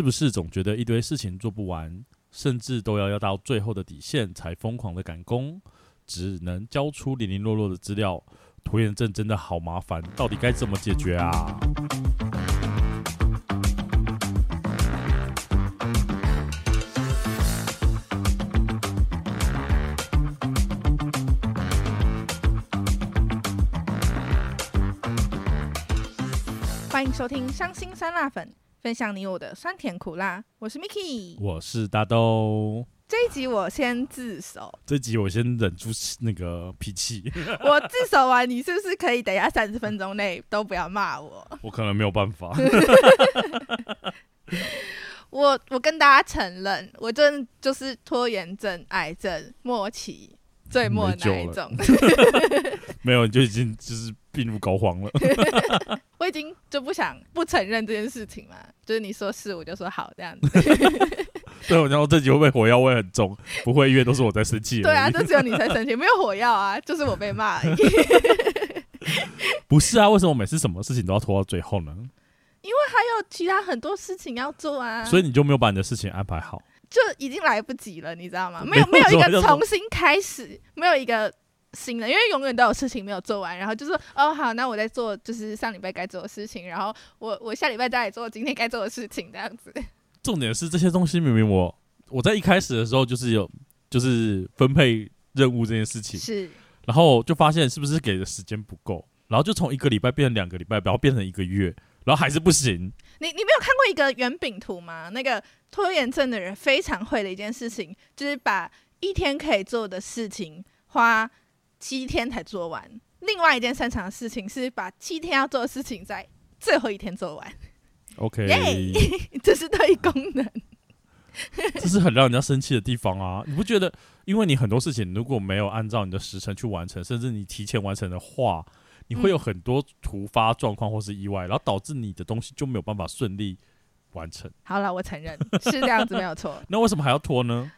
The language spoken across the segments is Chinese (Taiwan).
是不是總覺得一堆事情做不完，甚至都要要到最後的底線才瘋狂的趕工，只能交出零零落落的資料？拖延症真的好麻煩，到底該怎麼解決啊？歡迎收聽《傷心酸辣粉》。分享你我的酸甜苦辣，我是 Miki，我是大豆。這一集我先自首，啊、這一集我先忍住那個脾氣。 我自首完，你是不是可以等一下三十分鐘內都不要罵我？我可能沒有辦法。 我我跟大家承認，我真、就是、就是拖延症、癌症末期最末那一種？沒， 沒有，你就已經就是病入膏肓了。 我已經就不想不承認這件事情了，就是你說是我就說好這樣子。 對，我就說這集會不會火藥味很重？不會，因為都是我在生氣。 對啊，這只有你才生氣，沒有火藥啊，就是我被罵而已。 不是啊，為什麼我每次什麼事情都要拖到最後呢？因為還有其他很多事情要做啊，所以你就沒有把你的事情安排好，就已經來不及了，你知道嗎？沒有，沒有一個重新開始，沒有一個。新的，因為永遠都有事情沒有做完，然後就說：‘哦好，那我在做就是上禮拜該做的事情，然後我我下禮拜再來做今天該做的事情這樣子。重點是這些東西明明我我在一開始的時候就是有就是分配任務這件事情，是，然後就發現是不是給的時間不夠，然後就從一個禮拜變成兩個禮拜，然後變成一個月，然後還是不行。你你沒有看過一個圓餅圖嗎？那個拖延症的人非常會的一件事情，就是把一天可以做的事情花。七天才做完。另外一件擅長的事情是把七天要做的事情在最後一天做完。OK，yeah, 這是特異功能。這是很讓人家生氣的地方啊！ 你不覺得？因為你很多事情如果沒有按照你的時辰去完成，甚至你提前完成的話，你會有很多突發狀況或是意外、嗯，然後導致你的東西就沒有辦法順利完成。好了，我承認是這樣子，沒有錯。 那為什麼還要拖呢？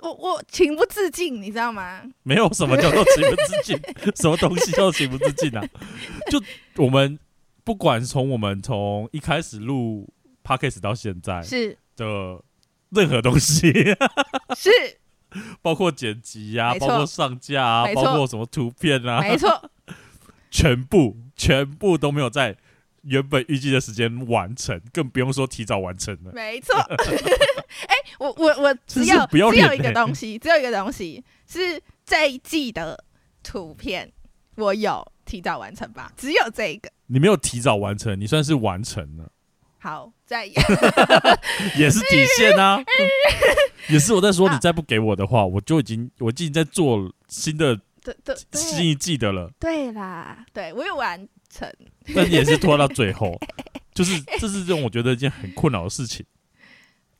我我情不自禁，你知道嗎？沒有什麼叫做情不自禁， 什麼東西叫做情不自禁啊？就我們不管從我們從一開始錄 Podcast 到現在是的任何東西，是， 是包括剪輯啊，包括上架啊，啊，包括什麼圖片啊，沒錯， 全部全部都沒有在。原本預計的時間完成，更不用說提早完成了。沒錯，哎、 欸，我我我只要只有一個東西，只有一個東西是這一季的圖片，我有提早完成吧？只有這個，你沒有提早完成，你算是完成了。好，再 也是底線啊， 也是我在說，啊，你再不給我的話，我就已經我已經在做新的的新一季的了。對，對啦，對我有玩。但也是拖到最後， 就是這是這種我覺得一件很困擾的事情。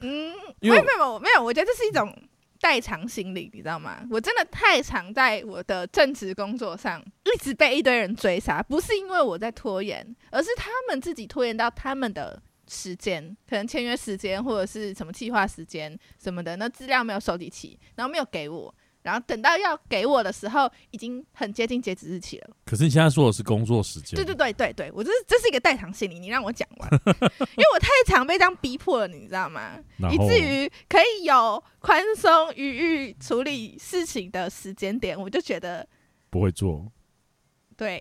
嗯，因為沒有沒有，我覺得這是一種代償心理，嗯，你知道嗎？我真的太常在我的正職工作上，一直被一堆人追殺，不是因為我在拖延，而是他們自己拖延到他們的時間，可能簽約時間或者是什麼計劃時間什麼的，那資料沒有收集齊，然後沒有給我。然後等到要給我的時候，已經很接近截止日期了。可是你現在說的是工作時間。對對對對，我這是，這是一個代償心理，你讓我講完， 因為我太常被這樣逼迫了，你知道嗎？以至於可以有寬鬆餘裕處理事情的時間點，我就覺得不會做。對，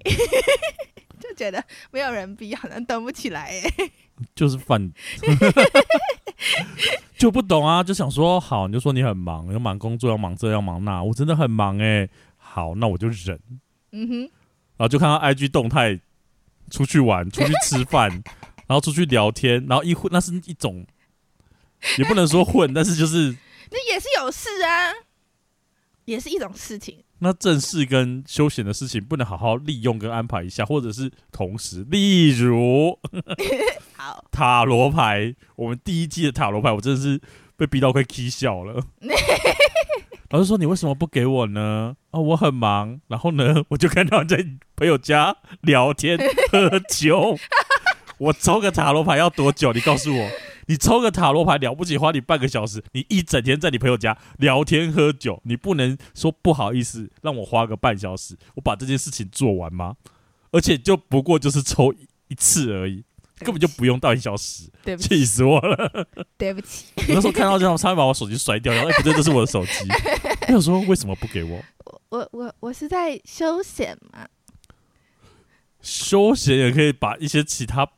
就覺得沒有人逼，好像等不起來哎、欸。就是犯 就不懂啊，就想說好，你就說你很忙，要忙工作，要忙這，要忙那，我真的很忙哎、欸。好，那我就忍。嗯哼，然後就看到 IG 動態，出去玩，出去吃飯， 然後出去聊天，然後一混，那是一種，也不能說混， 但是就是那也是有事啊，也是一種事情。那正式跟休閒的事情不能好好利用跟安排一下，或者是同時，例如。 塔羅牌，我們第一季的塔羅牌，我真的是被逼到快氣笑了。老 師說：“你為什麼不給我呢？”哦、啊，我很忙。然後呢，我就看到在朋友家聊天 喝酒。我抽個塔羅牌要多久？你告訴我，你抽個塔羅牌了不起，花你半個小時？你一整天在你朋友家聊天喝酒，你不能說不好意思讓我花個半小時，我把這件事情做完嗎？而且就不過就是抽一次而已。根本就不用到一小時，氣死我了！對不起。 我那時候看到這樣，差點把我手機摔掉。哎，欸、不對， 這是我的手機。我 說為什麼不給我？我我我我是在休閒嘛？休閒也可以把一些其他……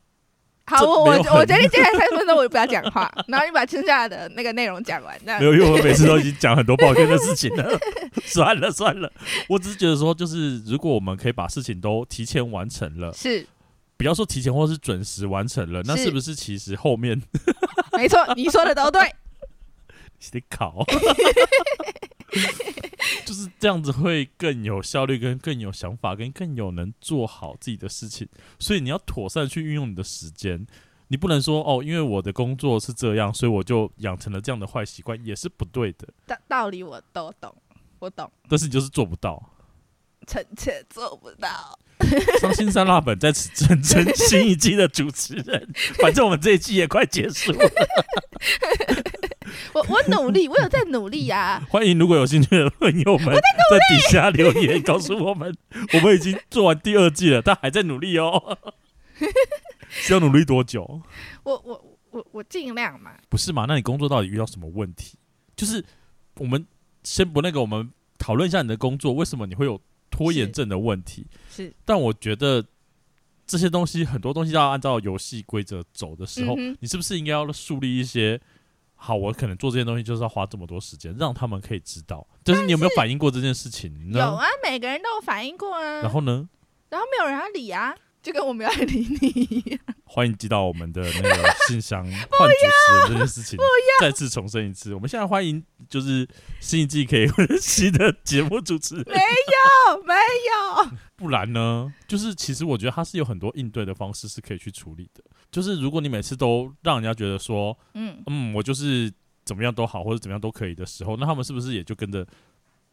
好，這我我我決定接下來三十分鐘我就不要講話， 然後你把剩下的那個內容講完那。沒有，因為我每次都已經講很多不好聽的事情了。 算了算了，我只是覺得說，就是如果我們可以把事情都提前完成了，是。你要說提前或者是準時完成了，那是不是其實後面？ 沒錯，你說的都對。得 在考， 就是這樣子會更有效率，跟更有想法，跟更有能做好自己的事情。所以你要妥善去運用你的時間，你不能說哦，因為我的工作是這樣，所以我就養成了這樣的壞習慣，也是不對的。道道理我都懂，我懂，但是你就是做不到。臣妾做不到。傷心酸辣粉在此，整成新一季的主持人， 反正我們這一季也快結束了。 我。我我努力，我有在努力呀、啊 。歡迎如果有興趣的朋友們，在在底下留言告訴我們，我們已經做完第二季了，他還在努力哦。需要努力多久 我？我我我我盡量嘛。不是嘛？那你工作到底遇到什麼問題？就是我們先不那個，我們討論一下你的工作，為什麼你會有？拖延症的問題是，是，但我覺得這些東西很多東西要按照遊戲規則走的時候，嗯，你是不是應該要樹立一些好？我可能做這些東西就是要花這麼多時間，讓他們可以知道。但是就是你有沒有反應過這件事情？有啊，每個人都有反應過啊。然後呢？然後沒有人要理啊。就跟我沒有愛理你一樣，歡迎寄到我們的那個信箱，不要換主持人這件事情， 不要，不要再次重申一次。我們現在歡迎就是新一季可以分析的節目主持人。 沒有，沒有。不然呢？就是其實我覺得他是有很多應對的方式是可以去處理的。就是如果你每次都讓人家覺得說，嗯，嗯我就是怎麼樣都好，或者怎麼樣都可以的時候，那他們是不是也就跟着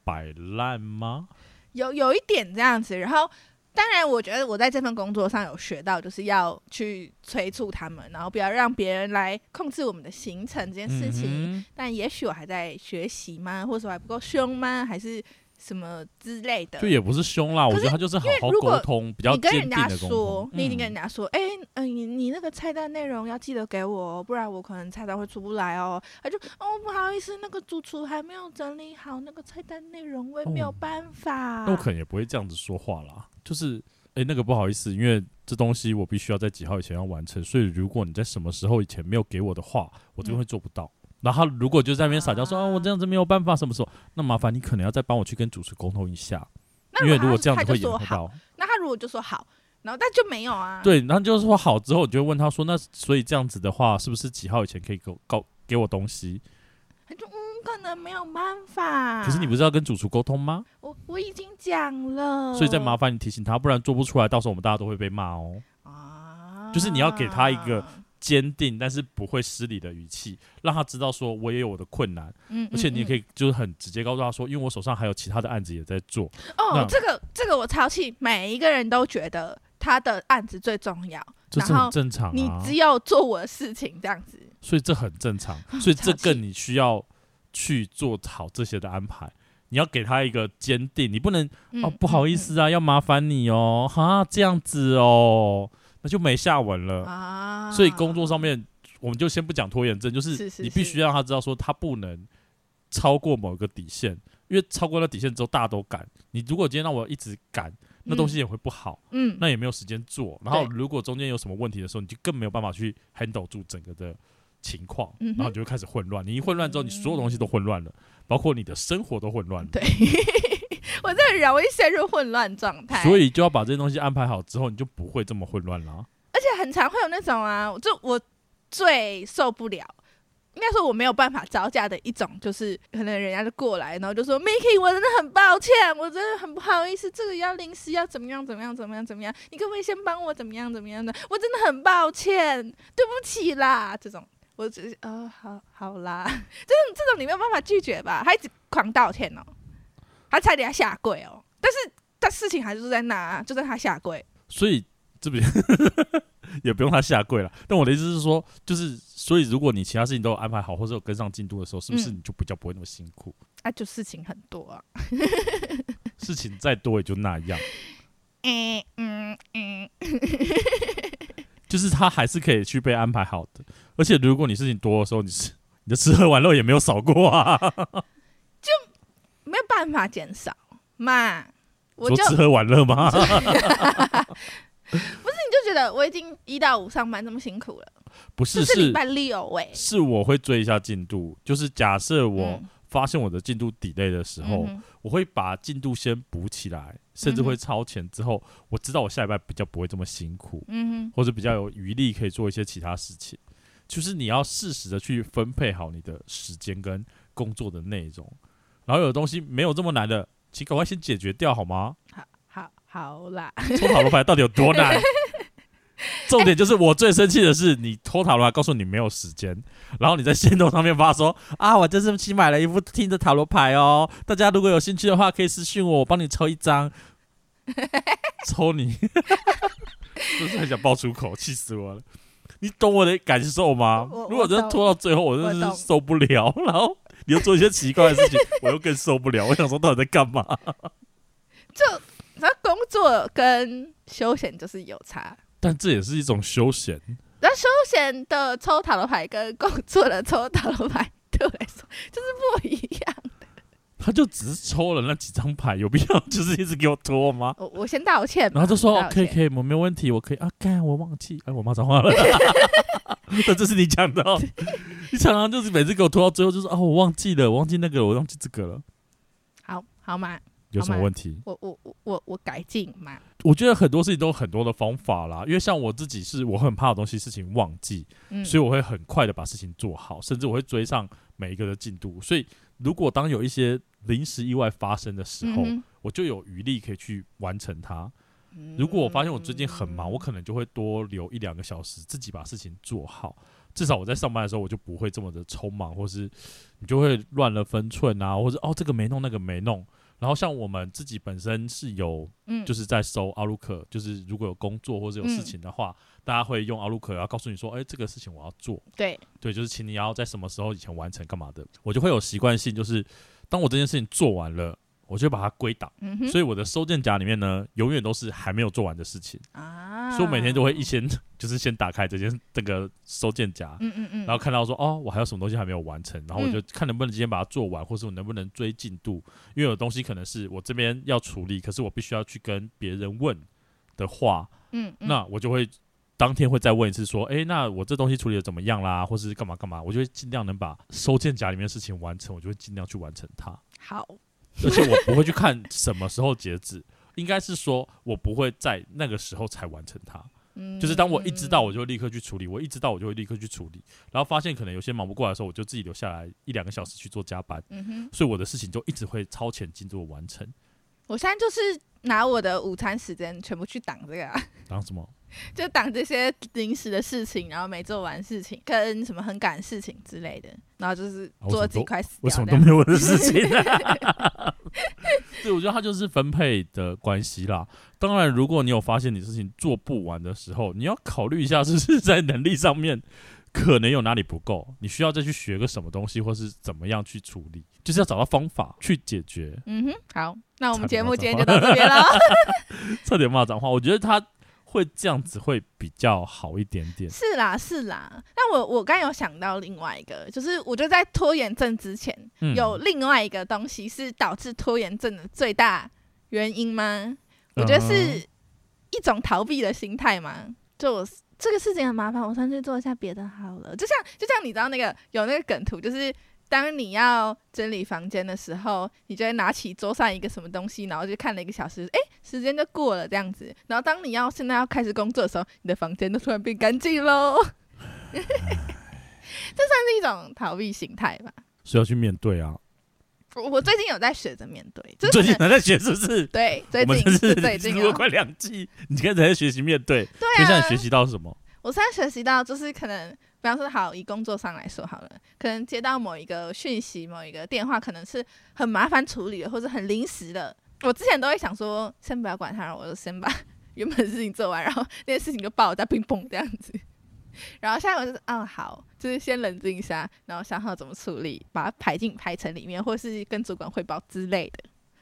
擺爛嗎？有有一點這樣子，然後。當然，我覺得我在這份工作上有學到，就是要去催促他們，然後不要讓別人來控制我們的行程這件事情。嗯、但也許我還在學習嗎？或者說還不夠兇嗎？還是？什麼之類的，就也不是凶啦是，我覺得他就是好好溝通，比較堅定的溝通，你跟人家說、嗯，你已經跟人家說，哎、欸，嗯、呃，你你那個菜單內容要記得給我哦，不然我可能菜單會出不來哦。他就哦，不好意思，那個主廚還沒有整理好那個菜單內容，我沒有辦法。那、哦、我可能也不會這樣子說話啦，就是哎、欸，那個不好意思，因為這東西我必須要在幾號以前要完成，所以如果你在什麼時候以前沒有給我的話，我這邊會做不到。嗯然後如果就在那邊撒嬌說啊，啊我這樣子沒有辦法什麼時候，那麻煩你可能要再幫我去跟主廚溝通一下，因為如果這樣子會演不到好。那他如果就說好，然後那就沒有啊。對，然後就說好之後，我就問他說那所以這樣子的話，是不是幾號以前可以給給給我東西？嗯，可能沒有辦法。可是你不是要跟主廚溝通嗎？我我已經講了，所以再麻煩你提醒他，不然做不出來，到時候我們大家都會被罵哦。啊，就是你要給他一個。堅定但是不會失禮的語氣，讓他知道說我也有我的困難，嗯、而且你可以就是很直接告訴他說、嗯嗯，因為我手上還有其他的案子也在做。哦，這個這個我超氣，每一個人都覺得他的案子最重要，這是很正常、啊。你只有做我的事情這樣子，所以這很正常。所以這個你需要去做好這些的安排，你要給他一個堅定，你不能啊、嗯哦嗯、不好意思啊，嗯、要麻煩你哦，哈這樣子哦。那就沒下文了。啊，所以工作上面我們就先不講拖延症，就是你必須讓他知道說他不能超過某個底線，因為超過了底線之後大家都趕。你如果今天讓我一直趕，那東西也會不好，嗯，那也沒有時間做。然後如果中間有什麼問題的時候，你就更沒有辦法去 handle 住整個的情況，然後你就會開始混亂。你一混亂之後，你所有東西都混亂了，包括你的生活都混亂了。嗯。嗯，對。我這很容易陷入混亂狀態，所以就要把這些東西安排好之後，你就不會這麼混亂了。而且很常會有那種啊，就我最受不了，應該說我沒有辦法招架的一種，就是可能人家就過來，然後就說：“Mickey，我真的很抱歉，我真的很不好意思，這個要臨時要怎麼樣怎麼樣怎麼樣怎麼樣，你可不可以先幫我怎麼樣怎麼樣的？我真的很抱歉，對不起啦，這種我覺得、哦，好好啦， 這種這種你沒有辦法拒絕吧？還一直狂道歉哦。他差點要下跪哦，但是他事情還是在那、啊，就在他下跪。所以這邊也不用他下跪了。但我的意思是說，就是所以，如果你其他事情都有安排好，或者有跟上進度的時候，是不是你就比較不會那麼辛苦？嗯、啊，就事情很多啊，事情再多也就那樣。嗯嗯嗯，就是他還是可以去被安排好的。而且如果你事情多的時候，你吃你的吃喝玩樂也沒有少過啊。 辦法減少嘛，我就我吃喝玩樂嗎？不是 你就覺得我已經一到五上班這麼辛苦了，不是，就是你拜六、欸、是，是我會追一下進度，就是假設我發現我的進度 delay 的時候，嗯嗯、我會把進度先補起來，甚至會超前。之後我知道我下禮拜比較不會這麼辛苦，嗯或者比較有餘力可以做一些其他事情，就是你要適時的去分配好你的時間跟工作的內容。然後有東西沒有這麼難的，請趕快先解決掉好嗎？好，好，好啦。啊，抽塔羅牌到底有多難？ 重點就是我最生氣的是你拖塔羅牌，告訴你沒有時間，然後你在限動上面發說啊，我這是新買了一副新的塔羅牌哦，大家如果有興趣的話可以私訊我，我幫你抽一張。 抽你，就 是很想爆粗口，氣死我了！你懂我的感受嗎？如果真的拖到最後我我，我真是受不了。然後。又做一些奇怪的事情， 我又更受不了。我想說，到底在幹嘛？ 就那工作跟休閒就是有差，但這也是一種休閒。那休閒的抽塔羅牌跟工作的抽塔羅牌對我來說就是不一樣的。他就只是抽了那幾張牌，有必要就是一直給我拖嗎？我我先道歉，然後就說 OK 可，可以，我沒問題，我可以。啊，幹，我忘記，哎，我罵髒話了， 但這是你講的哦。 常常就是每次給我拖到最後，就是啊，我忘記了，我忘記那個，我忘記這個了。好，好嗎？有什麼問題？我我我我我改進嘛。我覺得很多事情都有很多的方法啦，因為像我自己是我很怕的東西事情忘記，所以我會很快的把事情做好，嗯、甚至我會追上每一個的進度。所以如果當有一些臨時意外發生的時候，嗯、我就有餘力可以去完成它。如果我發現我最近很忙，我可能就會多留一兩個小時自己把事情做好。至少我在上班的時候，我就不會這麼的匆忙，或是你就會亂了分寸啊，或者哦這個沒弄那個沒弄。然後像我們自己本身是有，嗯，就是在收 Outlook，就是如果有工作或者有事情的話，嗯、大家會用 Outlook，然後告訴你說，哎、欸，這個事情我要做，對，對，就是請你要在什麼時候以前完成幹嘛的，我就會有習慣性，就是當我這件事情做完了。我就把它歸檔、嗯，所以我的收件夾裡面呢，永遠都是還沒有做完的事情啊，所以我每天都會一先就是先打開這件這個收件夾、嗯嗯嗯，然後看到說哦，我還有什麼東西還沒有完成，然後我就看能不能今天把它做完，嗯、或者我能不能追進度，因為有東西可能是我這邊要處理，可是我必須要去跟別人問的話，嗯嗯，那我就會當天會再問一次說，說、欸、哎，那我這東西處理得怎麼樣啦，或是幹嘛幹嘛，我就會盡量能把收件夾裡面的事情完成，我就會盡量去完成它。好。 而且我不會去看什麼時候截止，應該是說我不會在那個時候才完成它。嗯，就是當我一知道，我就立刻去處理；我一知道，我就會立刻去處理。然後發現可能有些忙不過來的時候，我就自己留下來一兩個小時去做加班。嗯哼，所以我的事情就一直會超前進度完成。我現在就是。拿我的午餐時間全部去擋這個啊，擋什麼？就擋這些臨時的事情，然後沒做完事情跟什麼很趕事情之類的，然後就是做幾塊啊，事情我什麼都沒有我的事情啊。 對，我覺得他就是分配的關係啦。當然，如果你有發現你事情做不完的時候，你要考慮一下是不是在能力上面，可能有哪裡不夠，你需要再去學個什麼東西，或是怎麼樣去處理，就是要找到方法去解決。嗯哼，好，那我們節目今天就到這邊了。差點罵髒話， 差點罵髒話，我覺得他會這樣子會比較好一點點。是啦，是啦。但我我剛有想到另外一個，就是我覺得在拖延症之前，嗯，有另外一個東西是導致拖延症的最大原因嗎？嗯、我覺得是一種逃避的心態嘛，就是。這個事情很麻煩，我上去做一下別的好了。就像就像你知道那個有那個梗圖，就是當你要整理房間的時候，你就會拿起桌上一個什麼東西，然後就看了一個小時，哎、欸，時間就過了這樣子。然後當你要現在要開始工作的時候，你的房間都突然變乾淨嘍。這 唉 算是一種逃避心態吧？是要去面對啊。我最近有在學着面對、就是，最近還在學，是不是？對，最近是，是最近如果快兩季，你剛才在學習面對，對啊，就像你學習到什麼？我現在學習到就是可能，比方說好，以工作上來說好了，可能接到某一個訊息、某一個電話，可能是很麻煩處理的，或者很臨時的。我之前都會想說，先不要管他，然後我就先把原本的事情做完，然後那些事情就抱在冰桶這樣子。然後現在我就是，哦、啊、好，就是先冷靜一下，然後想好怎麼處理，把它排進排程裡面，或是跟主管彙報之類的。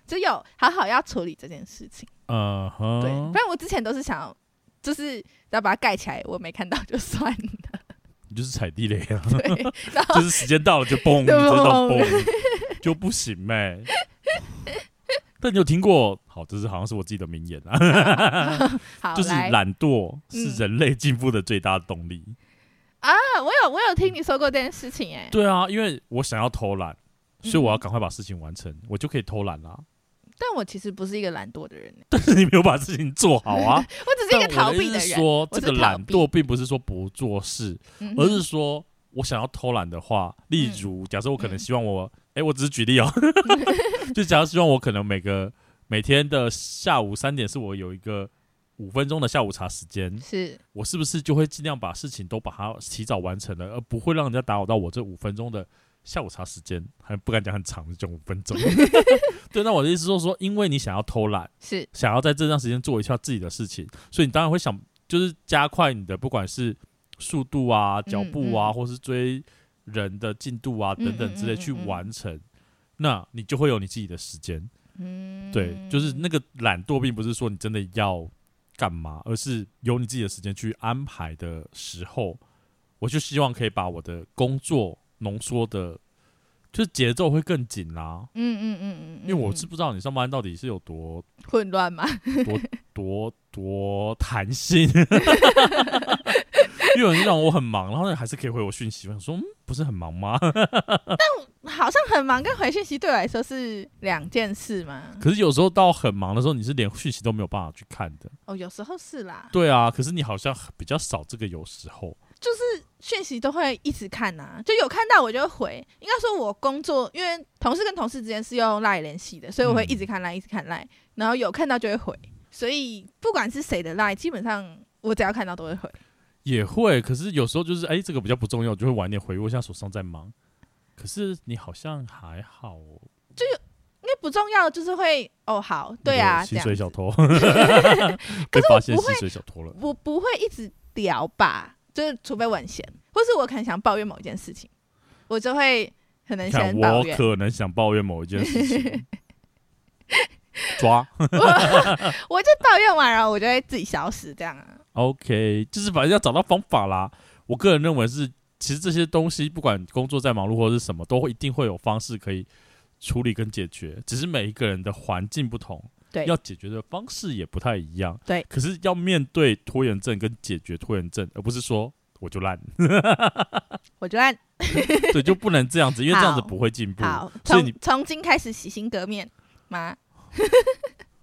只有好好要處理這件事情。嗯、uh -huh.，對，反正我之前都是想要，就是只要把它蓋起來，我沒看到就算了。你就是踩地雷啊，對，然後 就是時間到了就嘣，就 就不行唄、欸。 但你有聽過？好，這是好像是我自己的名言啊，啊 就是懶惰是人類進步的最大動力、嗯、啊！我有我有聽你說過這件事情哎、欸，對啊，因為我想要偷懶，所以我要趕快把事情完成，嗯、我就可以偷懶啦。但我其實不是一個懶惰的人、欸，但 是你沒有把事情做好啊！ 我只是一個逃避的人。我是說，這個懶惰並不是說不做事，是而是說我想要偷懶的話，嗯、例如假設我可能希望我，哎、嗯欸，我只是舉例哦、喔。嗯 就假如希望我可能每個每天的下午三點是我有一個五分鐘的下午茶時間，是，我是不是就會儘量把事情都把它提早完成了，而不會讓人家打擾到我這五分鐘的下午茶時間？還不敢講很長這種五，就五分鐘。對，那我的意思是說，因為你想要偷懶，是，想要在這段時間做一下自己的事情，所以你當然會想，就是加快你的不管是速度啊、腳步啊嗯嗯，或是追人的進度啊嗯嗯等等之類去完成。嗯嗯嗯那你就會有你自己的時間，嗯，對，就是那個懶惰，並不是說你真的要幹嘛，而是有你自己的時間去安排的時候，我就希望可以把我的工作濃縮的，就是節奏會更緊啊。嗯嗯嗯嗯，因為我是不知道你上班到底是有多，嗯嗯嗯嗯嗯多混亂嘛，多多多彈性。 因為有人讓我很忙，然後呢還是可以回我訊息。我想說、嗯，不是很忙嗎？ 但好像很忙跟回訊息對我來說是兩件事嘛。可是有時候到很忙的時候，你是連訊息都沒有辦法去看的。哦，有時候是啦。對啊，可是你好像比較少這個有時候。就是訊息都會一直看吶、啊，就有看到我就會回。應該說我工作，因為同事跟同事之間是用賴聯繫的，所以我會一直看賴、嗯，一直看賴，然後有看到就會回。所以不管是誰的賴，基本上我只要看到都會回。也會，可是有時候就是哎，這個比較不重要，就會晚點回我一下，手上在忙。可是你好像還好、哦，就因為不重要就是會哦，好，對啊，那個薪水小偷，被發現薪水小偷了，我不會我不會一直聊吧？就是除非我閒，或是我肯想抱怨某一件事情，我就會可能想，我可能想抱怨某一件事情， 抓 我，我就抱怨完了，然後我就會自己消失這樣啊。OK，就是反正要找到方法啦。我個人認為是，其實這些東西不管工作再忙碌或者是什麼，都一定會有方式可以處理跟解決。只是每一個人的環境不同，對，要解決的方式也不太一樣，對。可是要面對拖延症跟解決拖延症，而不是說我就爛，我就爛， 就爛 對，就不能這樣子，因為這樣子不會進步。好，所以你，從從今開始洗心革面嗎。？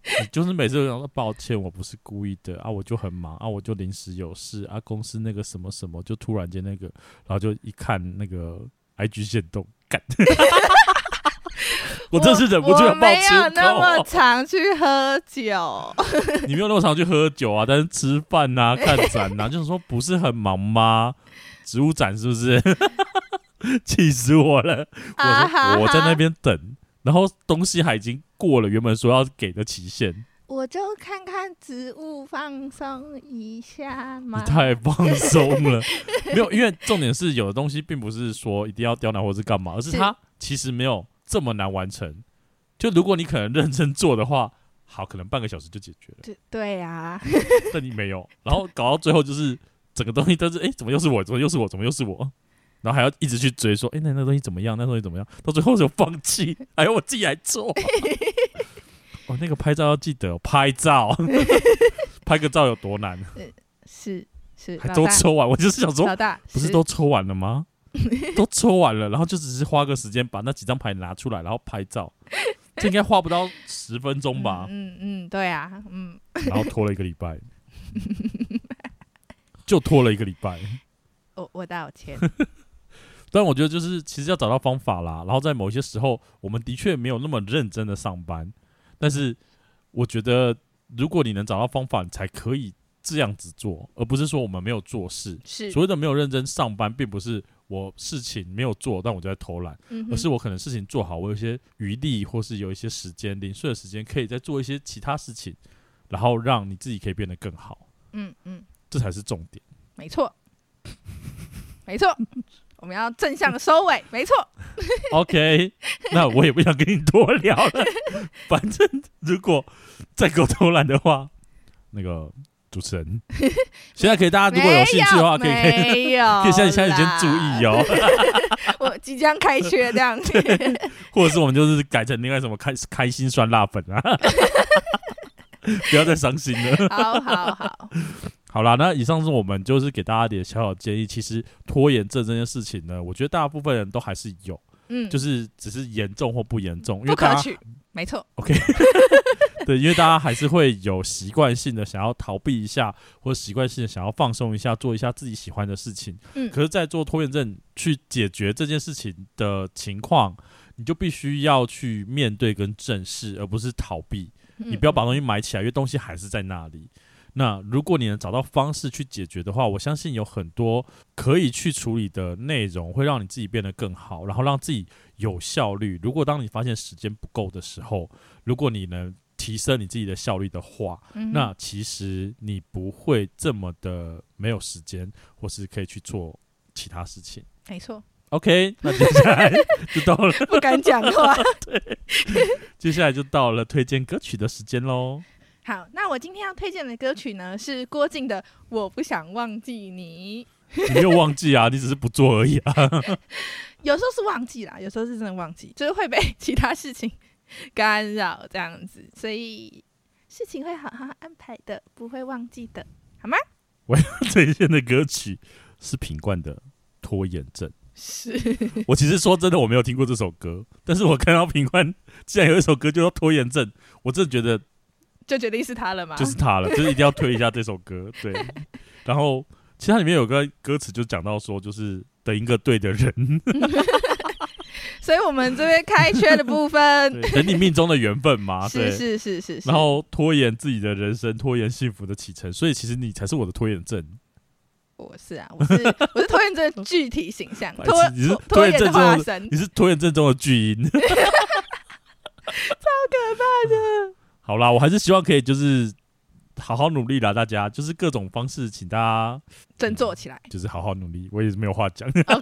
就是每次都說抱歉，我不是故意的啊，我就很忙啊，我就臨時有事啊，公司那個什麼什麼就突然間那個，然後就一看那個 I G 線都乾。 我真是忍不住很抱歉。我沒有那麼常去喝酒， 你沒有那麼常去喝酒啊？但是吃飯啊，看展啊， 就是說不是很忙嗎？植物展是不是？氣 死我了、啊！我說我在那邊等。啊哈哈 然後東西還已經過了原本說要給的期限，我就看看植物，放鬆一下嘛。你太放鬆了， 沒有，因為重點是有的東西並不是說一定要刁難或是幹嘛，而是它其實沒有這麼難完成。就如果你可能認真做的話，好，可能半個小時就解決了。對對啊， 但你沒有，然後搞到最後就是整個東西都是，哎，怎麼又是我？怎麼又是我？怎麼又是我？.然後還要一直去追，說：“哎、欸，那那個、東西怎麼樣？那個、東西怎麼樣？”到最後就放棄。哎呦我自己來做、啊。我、 哦、那個拍照要記得拍照， 拍個照有多難？是是，是。都抽完，我就是想說是是，不是都抽完了嗎？ 都抽完了，然後就只是花個時間把那幾張牌拿出來，然後拍照。 這應該花不到十分鐘吧？嗯嗯，對啊，嗯。然後拖了一個禮拜， 就拖了一個禮拜。我我道歉。 但我覺得，就是其實要找到方法啦。然後在某些時候，我們的確沒有那麼認真的上班。但是，我覺得如果你能找到方法，你才可以這樣子做，而不是說我們沒有做事。所謂的沒有認真上班，並不是我事情沒有做，但我就在偷懶，嗯嗯，而是我可能事情做好，我有些餘力，或是有一些時間零碎的時間，可以再做一些其他事情，然後讓你自己可以變得更好。嗯嗯，這才是重點。沒錯，沒錯。 我們要正向收尾， 沒錯。OK，那我也不想跟你多聊了。 反正如果再夠偷懶的話，那個主持人 現在可以。大家如果有興趣的話， 可以可以，可以現在現在先注意哦。 我即將開缺這樣子 或者是我們就是改成另外什麼開開心酸辣粉啊， 不要再傷心了。好 好好。好好好啦，那以上是我們就是給大家一點小小建議。其實拖延症這件事情呢，我覺得大部分人都還是有，嗯，就是只是嚴重或不嚴重不，因為大家沒錯，OK， 對，因為大家還是會有習慣性的想要逃避一下，或者習慣性的想要放鬆一下，做一下自己喜歡的事情。嗯、可是，在做拖延症去解決這件事情的情況，你就必須要去面對跟正視，而不是逃避，嗯。你不要把東西埋起來，因為東西還是在那裡。那如果你能找到方式去解決的話，我相信有很多可以去處理的內容，會讓你自己變得更好，然後讓自己有效率。如果當你發現時間不夠的時候，如果你能提升你自己的效率的話，嗯、那其實你不會這麼的沒有時間，或是可以去做其他事情。沒錯。OK，那接下來就到了， 不敢講話。 對，接下來就到了推薦歌曲的時間嘍。好，那我今天要推薦的歌曲呢，是郭靜的《我不想忘記你》。你沒有忘記啊， 你只是不做而已啊 。有時候是忘記啦，有時候是真的忘記，就是會被其他事情干擾這樣子，所以事情會好好安排的，不會忘記的，好嗎？我要推薦的歌曲是品冠的《拖延症》。是我其實說真的，我沒有聽過這首歌，但是我看到品冠竟然有一首歌叫做《拖延症》，我真的覺得。就決定是他了嘛？就是他了，就是一定要推一下這首歌。 對，然後其實它裡面有個歌詞就講到說，就是等一個對的人。 所以我們這邊開缺的部分，等你命中的緣分嘛。 對是,是是是是。然後拖延自己的人生，拖延幸福的啟程。所以其實你才是我的拖延症。我是啊，我是 我是拖延症的具體形象。拖 你是拖延症中的化身，你是拖延症中的巨嬰。 超可怕的。好啦，我還是希望可以就是好好努力啦，大家就是各種方式，請大家振作起來、嗯，就是好好努力。我也是沒有話講。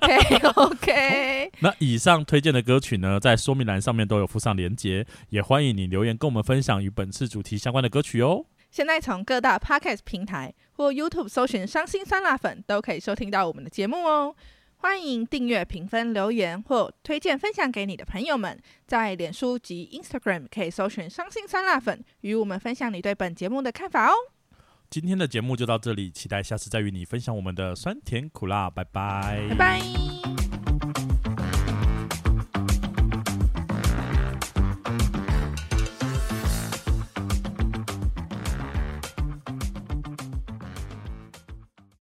OK OK。那以上推薦的歌曲呢，在說明欄上面都有附上連結，也歡迎你留言跟我們分享與本次主題相關的歌曲哦。現在從各大 Podcast 平台或 YouTube 搜尋“傷心酸辣粉”，都可以收聽到我們的節目哦。歡迎訂閱、評分、留言或推薦分享給你的朋友們。在臉書及 Instagram 可以搜尋“傷心酸辣粉”，與我們分享你對本節目的看法哦。今天的節目就到這裡，期待下次再與你分享我們的酸甜苦辣。拜拜，拜拜。拜拜。